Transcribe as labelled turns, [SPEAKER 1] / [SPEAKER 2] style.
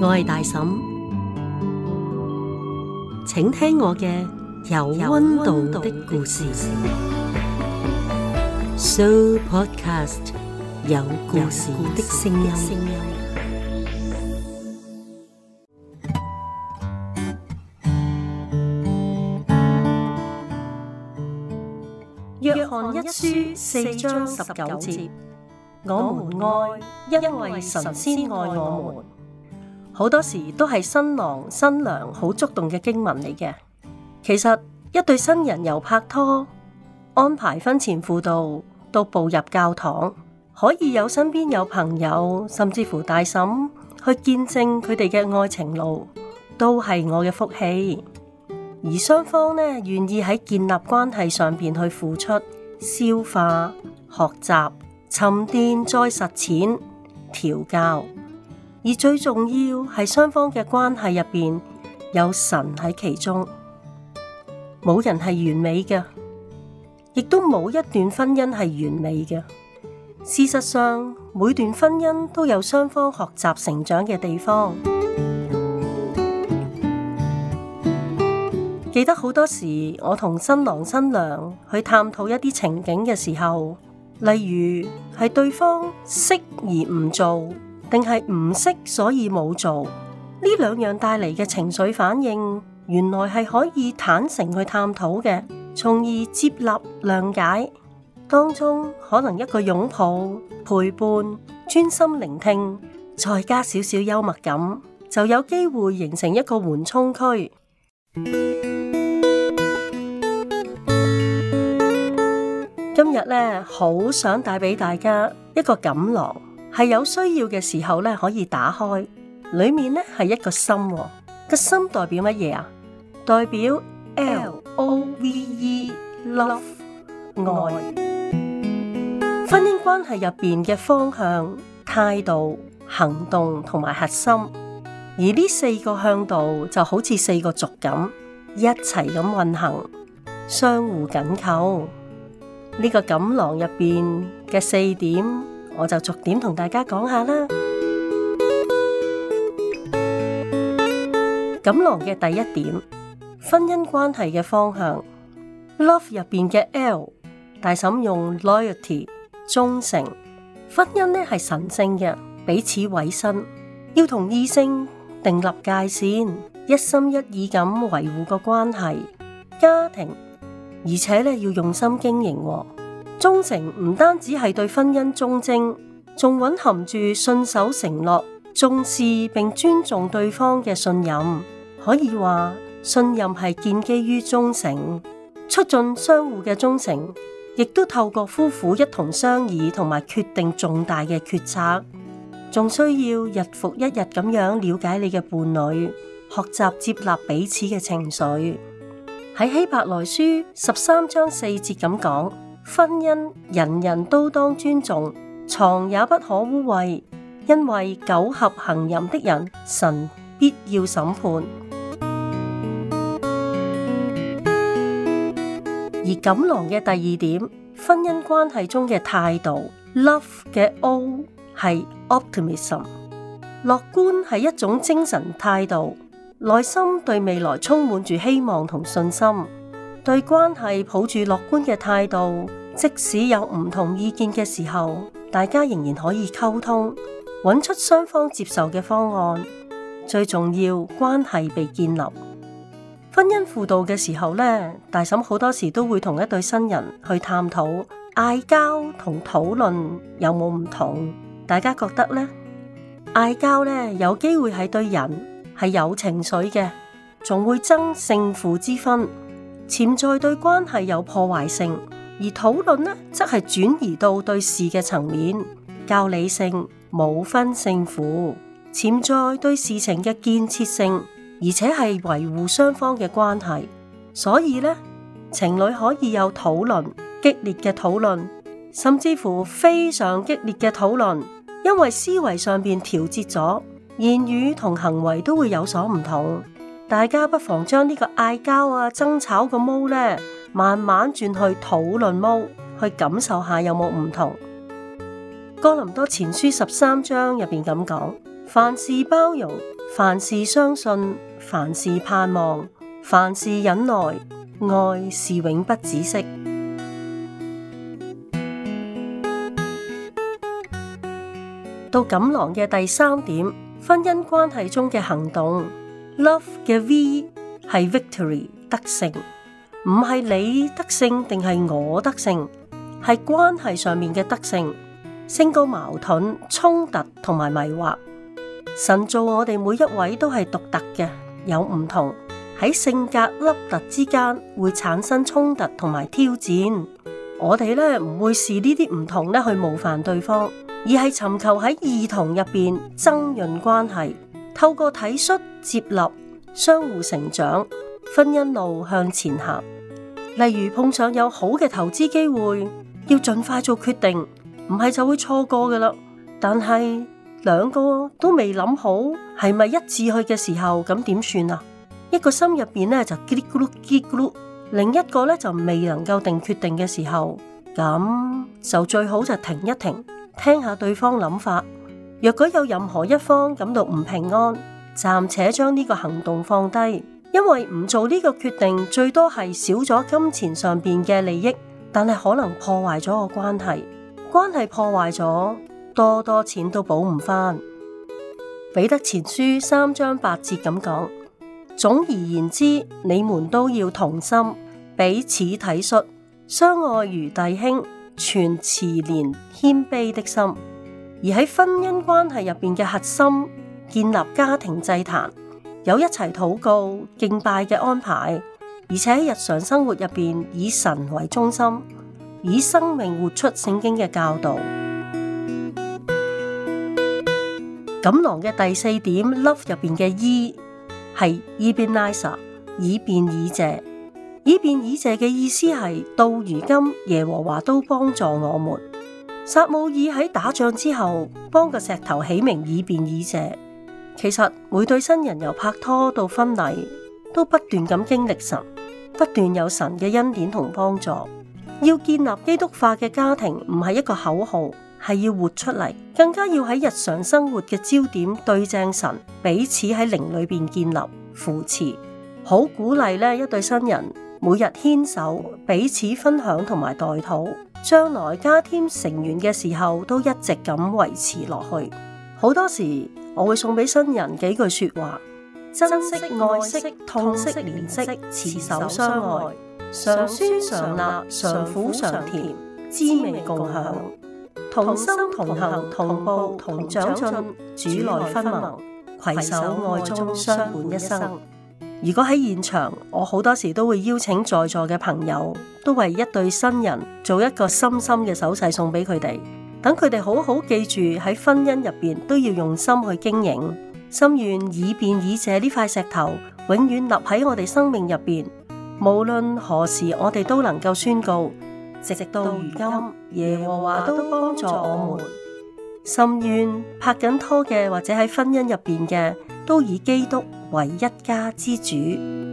[SPEAKER 1] 我係大嬸，請聽我嘅有溫度的故事。Show Podcast 有故事的聲音。約翰一書四章十九節，我們愛，因為神先愛我們。好多時都係新郎新娘好觸動嘅經文嚟嘅。其實一對新人由拍拖，安排婚前輔導，到步入教堂，可以有身邊有朋友，甚至乎大嬸去見證佢哋嘅愛情路，都係我嘅福氣。而雙方呢，願意喺建立關係上邊去付出、消化、學習、沉澱、再實踐、調教。而最重要係雙方嘅關係入邊有神喺其中，冇人係完美嘅，亦都冇一段婚姻係完美嘅。事實上，每段婚姻都有雙方學習成長嘅地方。記得好多時，我同新郎新娘去探討一啲情景嘅時候，例如係對方識而唔做。定係唔識，所以冇做呢兩樣帶嚟嘅情緒反應，原來係可以坦誠去探討嘅，從而接納諒解。當中可能一個擁抱、陪伴、專心聆聽，再加少少幽默感，就有機會形成一個緩衝區。今日咧，好想帶俾大家一個錦囊。係有需要嘅時候咧，可以打開裏面咧係一個心，個心代表乜嘢啊？代表 L O V E love 愛。婚姻關係入邊嘅方向、態度、行動同埋核心，而呢四個向度就好似四個軸咁，一齊咁運行，相互緊扣。呢個錦囊入邊嘅四點。我就逐點同大家講下啦。錦囊嘅第一點，婚姻關係嘅方向，love 入面嘅 L，大嬸用 loyalty 忠誠。婚姻呢係神聖嘅，彼此委身，要同異性訂立界線，一心一意咁維護個關係、家庭，而且呢要用心經營喎。忠誠唔單止係對婚姻忠貞，仲蘊含住信守承諾、重視並尊重對方嘅信任。可以話，信任係建基於忠誠，促進相互嘅忠誠，亦都透過夫婦一同商議同埋決定重大嘅決策。仲需要日復一日咁樣了解你嘅伴侶，學習接納彼此嘅情緒。喺希伯來書十三章四節咁講。婚姻人人都當尊重，床也不可污穢，因為苟合行淫的人，神必要審判。而錦囊嘅第二點，婚姻關係中嘅態度，Love 嘅 O 係 Optimism，樂觀係一種精神態度，內心對未來充滿住希望同信心，對關係抱住樂觀嘅態度。即使有唔同意見嘅時候，大家仍然可以溝通，搵出雙方接受嘅方案。最重要關係被建立。婚姻輔導嘅時候呢，大嬸好多時都會同一對新人去探討，嗌交同討論有冇唔同？大家覺得呢？嗌交呢，有機會係對人，係有情緒嘅，仲會爭勝負之分，潛在對關係有破壞性。而討論呢，則係轉移到對事嘅層面，較理性，冇分勝負，潛在對事情嘅建設性，而且係維護雙方嘅關係。所以呢，情侶可以有討論，激烈嘅討論，甚至乎非常激烈嘅討論，因為思維上邊調節咗，言語同行為都會有所唔同。大家不妨將呢個嗌交啊、爭吵個毛呢？慢慢轉去討論，冇去感受下有冇唔同。哥林多前書十三章入邊咁講：凡事包容，凡事相信，凡事盼望，凡事忍耐，愛是永不止息。到錦囊嘅第三點，婚姻關係中嘅行動，Love 嘅 V 係 Victory，得勝。唔係你得勝定係我得勝，係關係上面嘅得勝。升高矛盾、衝突同埋迷惑。神造我哋每一位都係獨特嘅，有唔同喺性格凹凸之間會產生衝突同埋挑戰。我哋咧唔會視呢啲唔同咧去冒犯對方，而係尋求喺異同入邊增潤關係，透過體恤接納，相互成長，婚姻路向前行。例如碰上有好嘅投資機會，要盡快做決定，唔係就會錯過㗎喇。但係兩個都未諗好，係咪一致去嘅時候，咁點算啊？一個心入面咧就嘰哩咕嚕嘰咕嚕，另一個咧就未能夠定決定嘅時候，咁就最好就停一停，聽下對方諗法。若果有任何一方感到唔平安，暫且將呢個行動放低。因為唔做呢個決定，最多係少咗金錢上邊嘅利益，但係可能破壞咗個關係。關係破壞咗，多多錢都補唔返。彼得前書三章八節咁講，總而言之，你們都要同心，彼此體恤，相愛如弟兄，存慈憐謙卑的心。而喺婚姻關係入邊嘅核心，建立家庭祭壇。有一齊禱告敬拜嘅安排，而且喺日常生活入邊以神為中心，以生命活出聖經嘅教導。錦 囊嘅第四點，Love 入面嘅 e 係 Ebenezer 以便以謝，以便以謝嘅意思係到如今耶和華都幫助我們。撒母耳喺打仗之後幫個石頭起名以便以謝。其實每對新人由拍拖到婚禮，都不斷咁經歷神，不斷有神嘅恩典同幫助。要建立基督化嘅家庭，唔係一個口號，係要活出嚟，更加要喺日常生活嘅焦點對正神，彼此喺靈裏邊建立扶持，好鼓勵呢一對新人每日牽手，彼此分享同埋代禱，將來加添成員嘅時候，都一直咁維持落去。好多時。我會送俾新人幾句說話：珍惜、愛惜、痛惜、憐惜，持守、相愛；常酸常辣，常苦常甜，滋味共享；同心同行，同步同長進，主內分盟、
[SPEAKER 2] 攜手愛中相伴一生。
[SPEAKER 1] 如果喺現場，我好多時都會邀請在座嘅朋友，都為一對新人做一個深深嘅手勢送給他們，送俾佢哋。等佢哋好好記住，喺婚姻入邊都要用心去經營。心願以便以謝呢塊石頭永遠立喺我哋生命入邊，無論何時我哋都能夠宣告，直到如今耶和華都幫助我們。心願拍緊拖嘅或者喺婚姻入邊嘅，都以基督為一家之主。